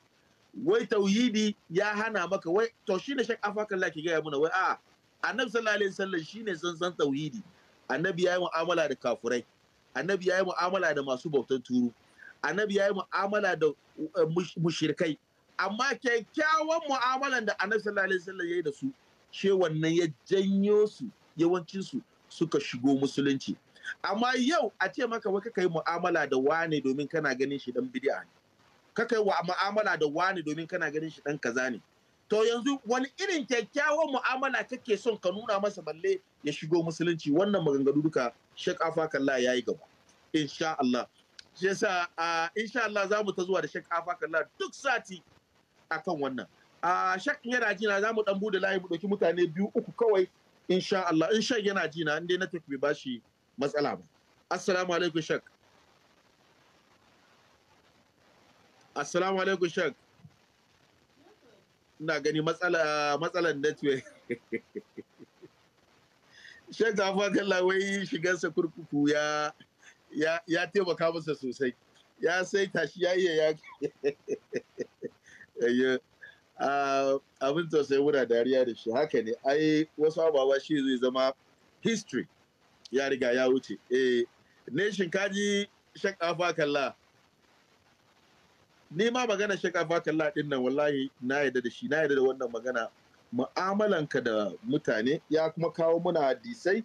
wai tauhidi ya hana maka wai to shine shek afakan laki ga na wai a annabi sallallahu alaihi wasallam shine san tauhidi annabi yayi mu'amala da kafurai annabi yayi mu'amala da masu bautan turu annabi yayi mu'amala da eh, mushrikai amma kyakkyawan mu'amalan da annabi sallallahu alaihi wasallam yayi da su she wannan ya janyo su yawancin su suka shigo musulunci amma yau a ce maka wai kai mu'amala da wane domin kana ganin shi dan bid'a ne kakai wa mu'amala da wane domin kana ganin shi dan kaza ne to yanzu wani irin kyakkyawan mu'amala kake son ka nuna masa balle ya shigo musulunci wannan maganganu duka Sheikh Afa ya yayi gaba insha Allah shi yasa insha Allah za mu ta zuwa da Sheikh Afa duk sati akan wannan a shak yana jina za mu dan bude layi mu dauki mutane biyu uku kawai insha Allah in shan yana jina inda na tafi bashi matsala ba assalamu alaikum shak assalamu alaikum shak ina gani matsala matsalan network (laughs) shak da fatan lawai shigarsa kurkuku ya ya taimaka masa sosai ya sai tashi ya iya ya (laughs) ah, abin tausayi muna dariya da shi haka ne ai wasu ababa shi zai zama history ya riga ya wuce eh ne shinkaji shakafa kalla ni ma magana shakafa kalla din nan wallahi na yadda da shi na yadda da wannan magana mu'amalanka da mutane ya kuma kawo muna hadisai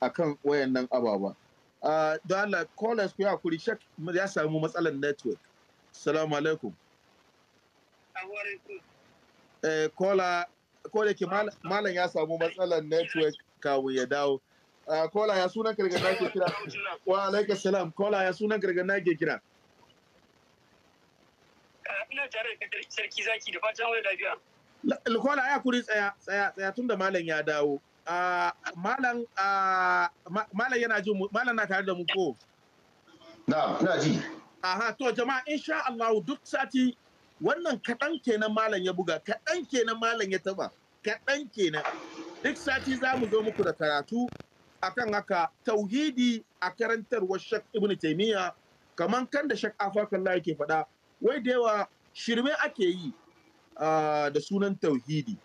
akan wayannan ababa Uh, don Allah callers ku ya kuri shak ya samu matsalar network. Salamu alaikum. Eh, kola ko da ke malam ya samu matsalar network kawo ya dawo. Ah, kola ya sunan kirga na ke kira wa alaika salam kola ya sunan kirga na ke kira ah, ina tare da sarki zaki da fatan wani lafiya kola ya kuri tsaya tsaya tsaya tun da malam ya dawo ah, malam malam yana ji malam na tare da mu ko na na ji aha to jama'a insha Allah duk sati wannan kaɗan kenan malam ya buga kaɗan kenan malam ya taba kaɗan kenan duk sati za mu zo muku da karatu akan haka tauhidi a karantarwar shak ibn taimiyya kamar kan da shak afakallah yake faɗa wai da yawa shirme ake yi da sunan tauhidi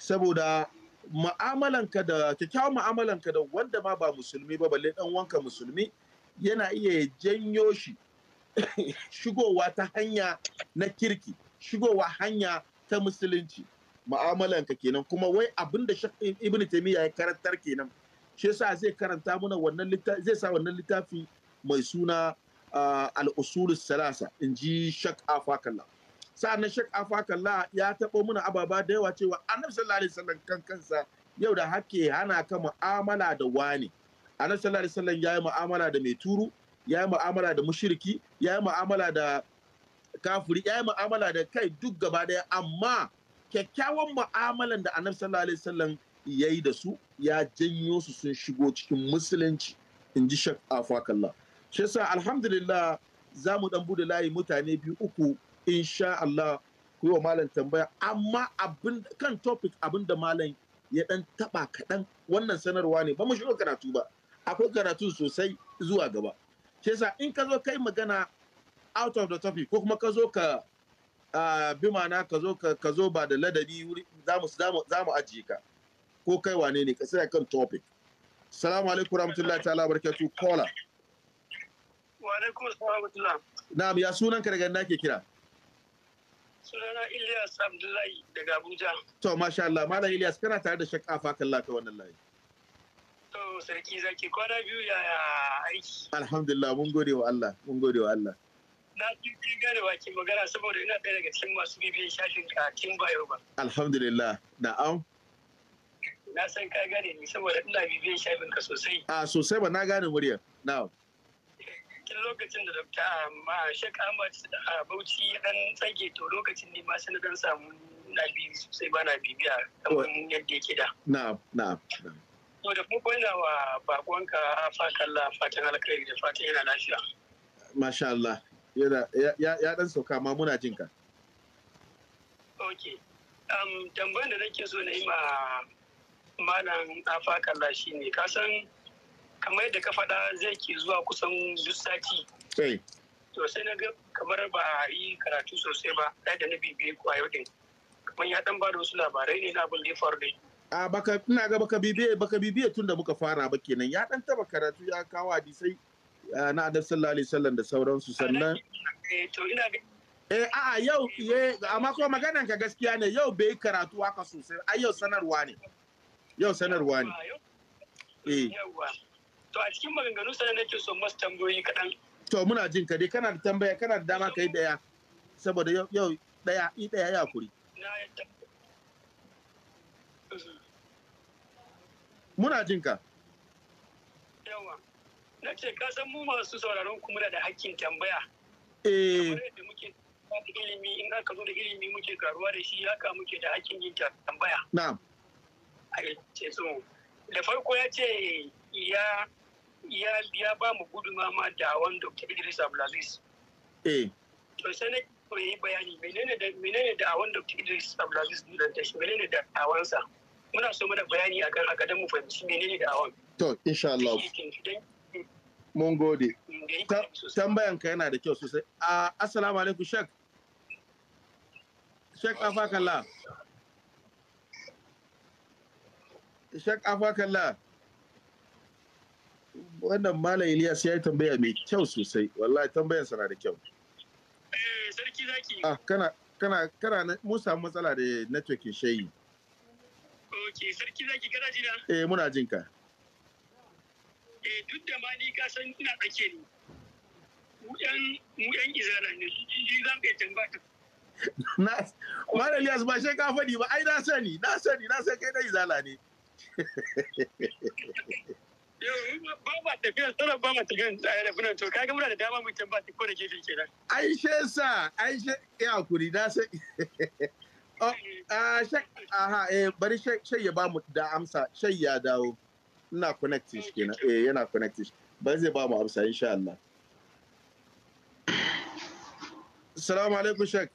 saboda ma'amalanka da kyakkyawan ma'amalanka da wanda ma ba musulmi ba balle dan wanka musulmi yana iya janyo shi (coughs) shigowa ta hanya na kirki shigowa hanya ta musulunci ma'amalanka kenan kuma wai abinda da ibn taimiyya ya karantar kenan shi yasa zai karanta mana wannan littafi zai sa wannan littafi mai suna al'usulu salasa in ji shak afakalla sa'annan shak afakalla ya taɓa mana ababa da yawa cewa annabi sallallahu alaihi wasallam kan kansa yau da hake hana ka mu'amala da wani annabi sallallahu alaihi wasallam yayi mu'amala da mai turu yayi mu'amala da mushriki yayi mu'amala da kafiri yayi mu'amala da kai duk gaba daya amma kyakkyawan mu'amalan da annabi sallallahu alaihi wasallam ya yi da su ya janyo su sun shigo cikin musulunci in ji shak shi yasa alhamdulillah za mu dan bude layi mutane biyu uku insha Allah ku yi wa malam tambaya amma abin kan topic abin da malam ya dan taba kaɗan wannan sanarwa ne ba mu shiga karatu ba akwai karatu sosai zuwa gaba shi yasa in ka zo kai magana out of the topic ko kuma ka zo ka ah, bi mana ka zo ba da ladabi za mu ajiye ka ko kai wane ne ka tsaya kan topic salamu alaikum rahmatullahi ta'ala barkatu kola wa alaikum rahmatullah na'am ya sunan ka daga nan ke kira sunana Ilyas Abdullahi daga Abuja to masha Allah malam Ilyas kana tare da shakka fa kallaka wannan layi to sarki zaki kwana biyu ya aiki alhamdulillah mun gode wa Allah mun gode wa Allah na ji gane baki magana saboda ina ɗaya daga cikin masu bibiyar shafin ka kin bayo ba alhamdulillah na'am na san ka gane ni saboda ina bibiyan shafin ka sosai a sosai ba na gane murya. na'am lokacin da dokta ma shek ahmad a bauchi an dan tsage to lokacin ne ma sai dan samu na bibi sosai ba na bibiya kamar yadda yake da na'am na'am to da kuma ina wa bakonka fatan la fatan alkhairi da fatan yana lafiya masha Allah ya dan sauka ma muna jin ka okay um tambayar da nake so na yi ma malam ɗafakalla shi ne kasan kamar da ka faɗa zai ke zuwa kusan duk sati to sai na ga kamar ba a yi karatu sosai ba ɗaya da na bibiye ko a yau din kamar ya ɗan bada wasu labarai ne na abin da ya faru da a baka ina ga baka bibiye baka bibiye tun da muka fara ba kenan ya ɗan taba karatu ya kawo hadisai na adab sallallahu alaihi wasallam da sauransu sannan eh, to ina ga Eh, a'a yau, eh, amma ko maganan ka gaskiya ne yau bai karatu haka sosai, a yau sanarwa ne. Yau sanarwa ne. Eh. To a cikin maganganu sanar nake son masu tambayoyi kaɗan. To muna jin ka dai kana da tambaya kana da dama ka yi ɗaya saboda yau ɗaya i ɗaya ya kuri. Mm. Muna jin ka. Yawa. Na ce ka san mu masu sauraron kuma da hakkin tambaya. Eh. yadda muke ilimi in aka zo da ilimi muke karuwa da shi haka muke da hakkin yin tambaya. Na'am. a su da farko ya ce ya ya ba mu guduma ma da wani Dr. Idris Abdulaziz. Eh. To sai na yi bayani menene da wani Dr. Idris Abdulaziz da shi menene da awansa. Muna so mana bayani akan kan akadar mu fahimci menene da awan To insha Allah. Mun gode. Tambayan ka yana da kyau sosai. asalamu ah, alaikum Shek. Shek Afakallah. shak Kalla, wannan malam Ilyas ya yi tambaya mai kyau sosai wallahi tambayan sana da kyau eh sarki zaki ah kana kana kana mun samu matsala da network shayi Ok, sarki zaki kana ji na eh muna jin ka eh duk da ma ni ka san ina tsake ni mu yan mu yan izana ne ji zan kai tambaya (laughs) na malam Ilyas ba shekafa ne ba ai na sani na sani na san kai na izala ne Aishe sa ai ya kuri na sai aha eh bari shay ya ba mu da amsa shay ya dawo ina connect shi kenan eh yana connect shi ba zai ba mu amsa insha Allah Assalamu alaikum Shek.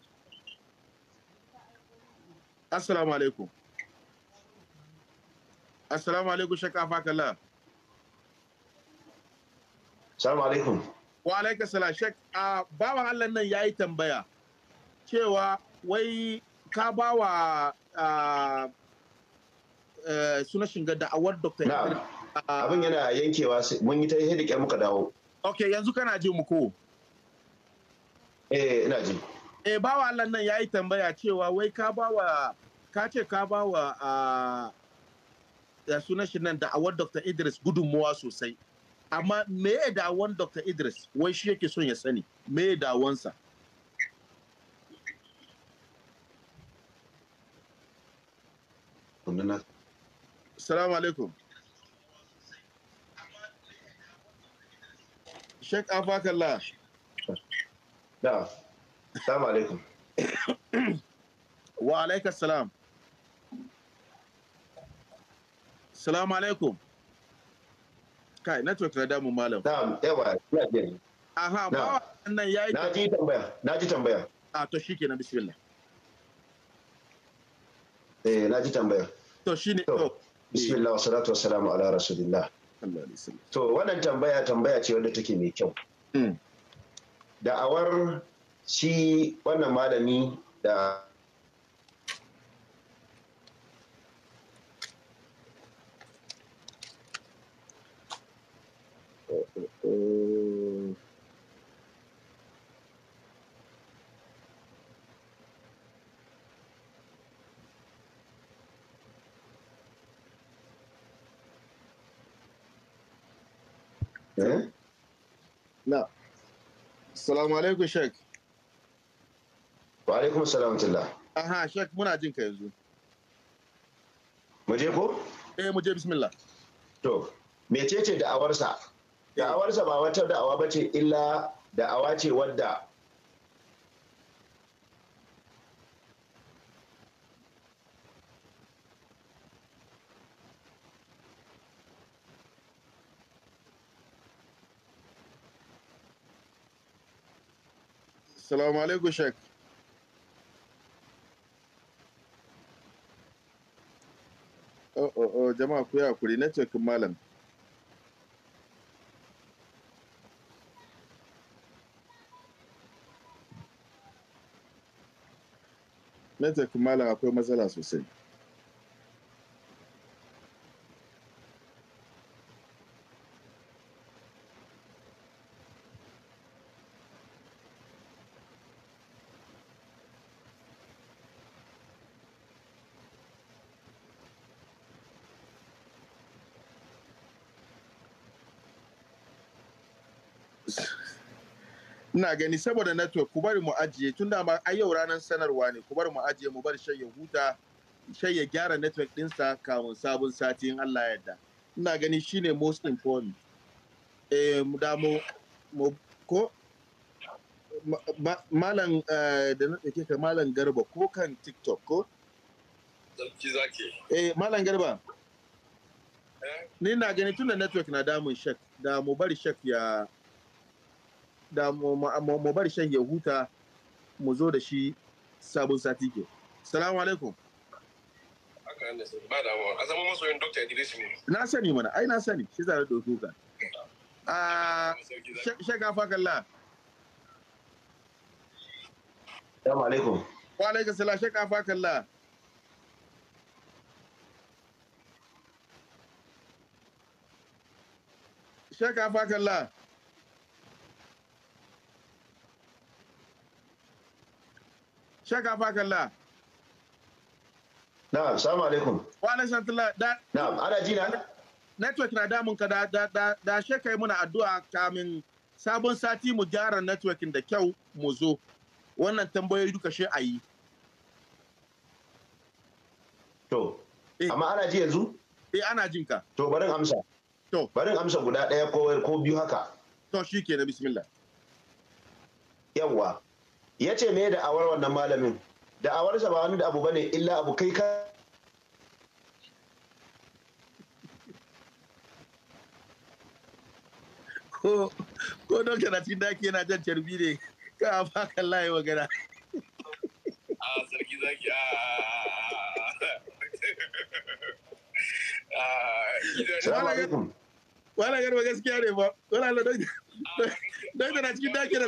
Assalamu alaikum. Assalamu alaikum shaka fakala. Assalamu alaikum. Wa alaika salam shak a bawan Allah nan yayi tambaya cewa wai ka ba wa e, suna shiga da'awar Dr. Abin yana yankewa mun yi ta yi da muka dawo. Ok yanzu kana ji mu ko? Eh ina ji. Eh bawa Allah nan yayi tambaya cewa wai ka ba wa ka ce ka ba wa sunan shi nan da'awar Dr. Idris gudunmuwa sosai. Amma me ya awon Dr. Idris wai shi yake son ya sani me ya awonsa? Salamu alaikum. Sheikh Afakallah. Da, salamu alaikum. (coughs) Wa alaikassalam. salam. Salamu alaikum. Kai, network na damun malam. Na'am, yawa, ina jin. Aha, ba wannan yayi Na ji tambaya, na ji tambaya. A ah, to shikenan bismillah. Eh, na ji tambaya. To ne to. Bismillah wa salatu wa salamu ala rasulillah. To wannan tambaya tambaya ce wanda take mai kyau. Hmm. Da awar shi wannan malami da Eh? na salamu alaikum shek wa alaikum salamtullah aha shek muna jin ka yanzu muje ko eh muje bismillah to mecece da'awarsa da'awarsa ba wata da'awa ba ce illa da'awa ce wadda Salamu alaikum shek Oh, oh, oh, jama'a ku ya kuri na cikin malam. Na cikin malam akwai matsala sosai. ina gani saboda network ku bari mu ajiye tun da ma a yau ranar sanarwa ne ku bari mu ajiye mu bari shayya huta shayya gyara network dinsa kamun sabon sati in Allah yadda ina gani shine most important eh mu da mu ko malam eh, da na ɗauke ka malam garba ko kan tiktok ko? Zaki zaki. Eh malam garba. Eh? Ni na gani tun da network na damun shek da mu bari shek ya da mu bar shan ya huta mu zo da shi sabon sati ke. Salamu alaikum. Ba Dr. Idris ne. Na sani mana, ai na sani, shi zara da ka. A shaka fakalla. Salamu alaikum. Wa alaikum salam shaka fakalla. Shaka fakalla. shaka fa kalla na'am assalamu alaikum wa alaikum da Na, ana ji na network na damun ka da da da shekai muna addu'a kamin sabon sati mu gyara networking da kyau mu zo wannan tambayoyi duka shi ayi. to eh. amma ana ji yanzu eh ana jin ka to barin amsa to barin amsa guda ɗaya ko ko biyu haka to shi ke na bismillah yawwa ya ce me da awar wannan malamin da awar sa ba wani da abu bane illa abu kai ka ko don karatu da ke yana jan carbi ne ka ba kan layi magana a sarki zaki a (laughs) Salamu alaikum. Wala gaskiya ne ba. Wala Allah don kana cikin daki na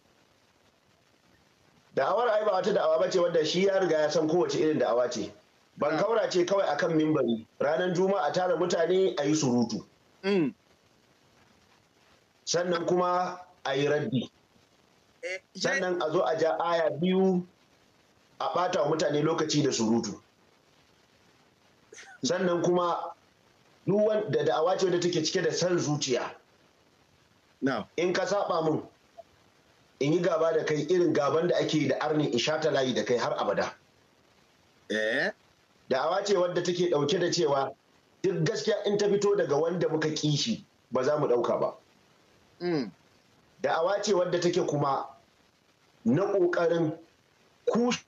da'awar ai ba wata da'awa bace wanda shi ya riga ya san kowace irin da'awa ce ban ah. kaura ce kawai akan mimbari ranar juma'a tara mutane a yi surutu mm. sannan kuma a yi raddi eh, sannan a zo a ja aya biyu a ɓata wa mutane lokaci da surutu (laughs) sannan kuma da da'awa ce wadda take cike da san zuciya in ka saba mun in yi gaba da kai irin gaban da ake da arni in sha ta layi da kai har abada eh? da'awa ce wadda take dauke da cewa duk gaskiya in ta fito daga wanda muka kishi ba za mu ɗauka ba mm. da'awa ce wadda take kuma na ƙoƙarin kushe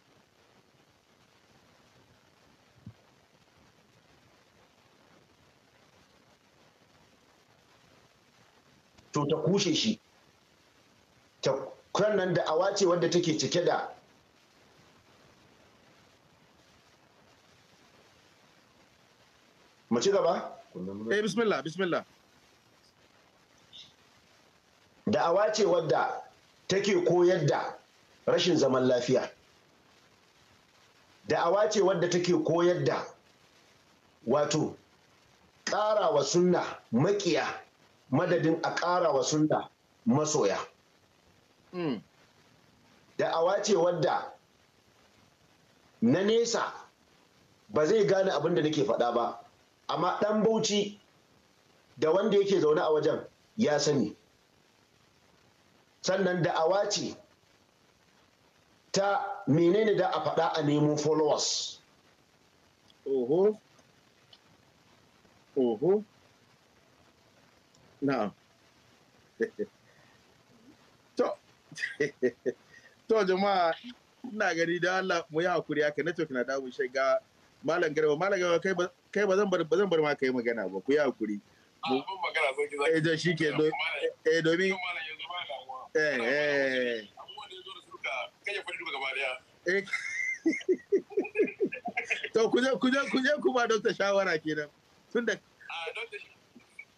to ta kushe shi ta kuran nan da awa ce wadda take cike da mace gaba? eh bismillah bismillah da awa ce wadda take koyar da rashin zaman lafiya da awa ce wadda take koyar da wato ƙara wa sunna makiya madadin a ƙara wa sunna masoya Mm. da'awa ce wadda na nesa ba zai gane abin da nake faɗa ba amma ɗan bauchi da wanda yake zaune a wajen ya sani sannan da'awa ce ta menene da a faɗa a nemo followers oho oho na. (laughs) to jama'a ina gani da Allah mu yi hakuri haka na tokina da mu ga malam garba malam garba kai ba kai ba zan bar ba zan bar ma kai magana ba ku yi hakuri abun ah, magana sai ki zaki eh da shike do eh domin eh eh duka eh (laughs) to ku je ku je ku je ku ba dokta shawara kenan tunda a ah,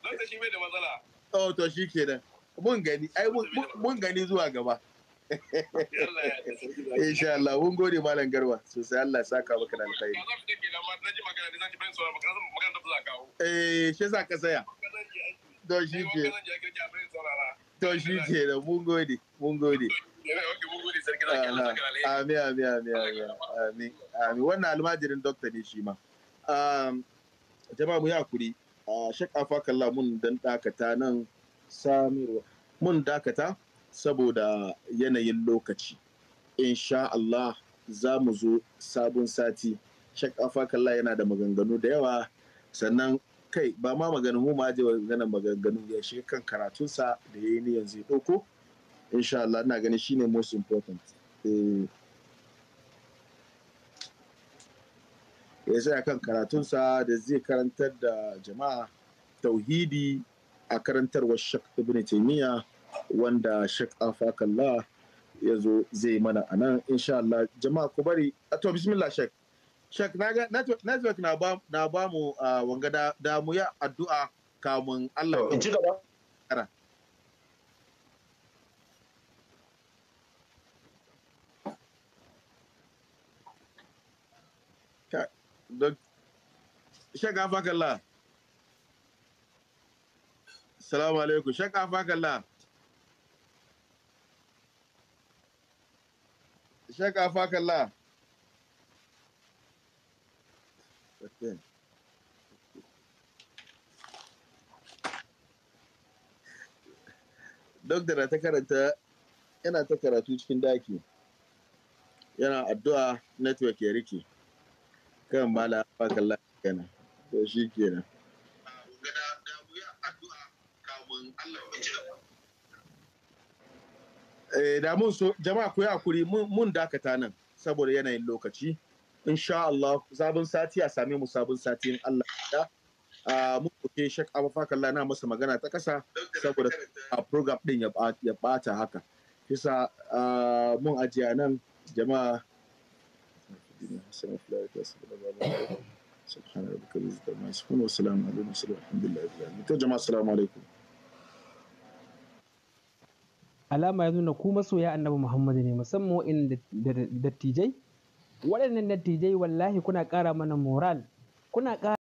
dokta shi mai da matsala oh to shi kenan mun gani ai mun gani zuwa gaba (laughs) insha Allah mun gode malam garba sosai Allah ya saka maka da alkhairi eh shi za ka saya to shi ke to shi ke da mun gode mun gode eh, Amin, amin, amin, amin, amin. Wannan almajirin dokta ne shi ma. Jama'a mu yi hakuri, ah, shakafa kalla mun dan dakata nan samirwa mun dakata saboda yanayin lokaci insha Allah za mu zo sabon sati shak afakalla yana da maganganu da yawa sannan kai ba ma maganin mu ma je ganin maganganu ya shi kan karatunsa da ya yi ni yanzu ya ɗauko insha Allah ina ganin ne most important eh, ya tsaya kan karatunsa da zai karantar da jama'a tauhidi a karantarwar shak ibn taimiyya wanda shak afakallah ya zo zai mana a nan insha Allah jama'a ku bari a to bismillah shak shak naga network na ba na ba mu wanga da da mu ya addu'a kamun Allah in ci gaba Shek Afakallah. Salamu alaikum. Shaka fakalla. Shaka fakalla. Doktora ta karanta yana ta karatu cikin daki. Yana addu'a network ya rike. Kan mala fakalla kenan. To shi kenan. Eh, da mun so jama'a ku yi hakuri mun dakata nan saboda yanayin lokaci. Insha Allah sabon sati a same mu sabon sati in Allah ya a mun koke shek abafakalla na masa magana ta kasa saboda a program din ya bata haka. Kisa mun ajiya nan jama'a Subhanallah, ربك رب العزة عما يصفون والسلام على المرسلين والحمد لله رب العالمين. جماعة alama ya nuna ku masoya annabi muhammadu ne musamman wa'in dattijai waɗannan dattijai wallahi kuna ƙara mana moral kuna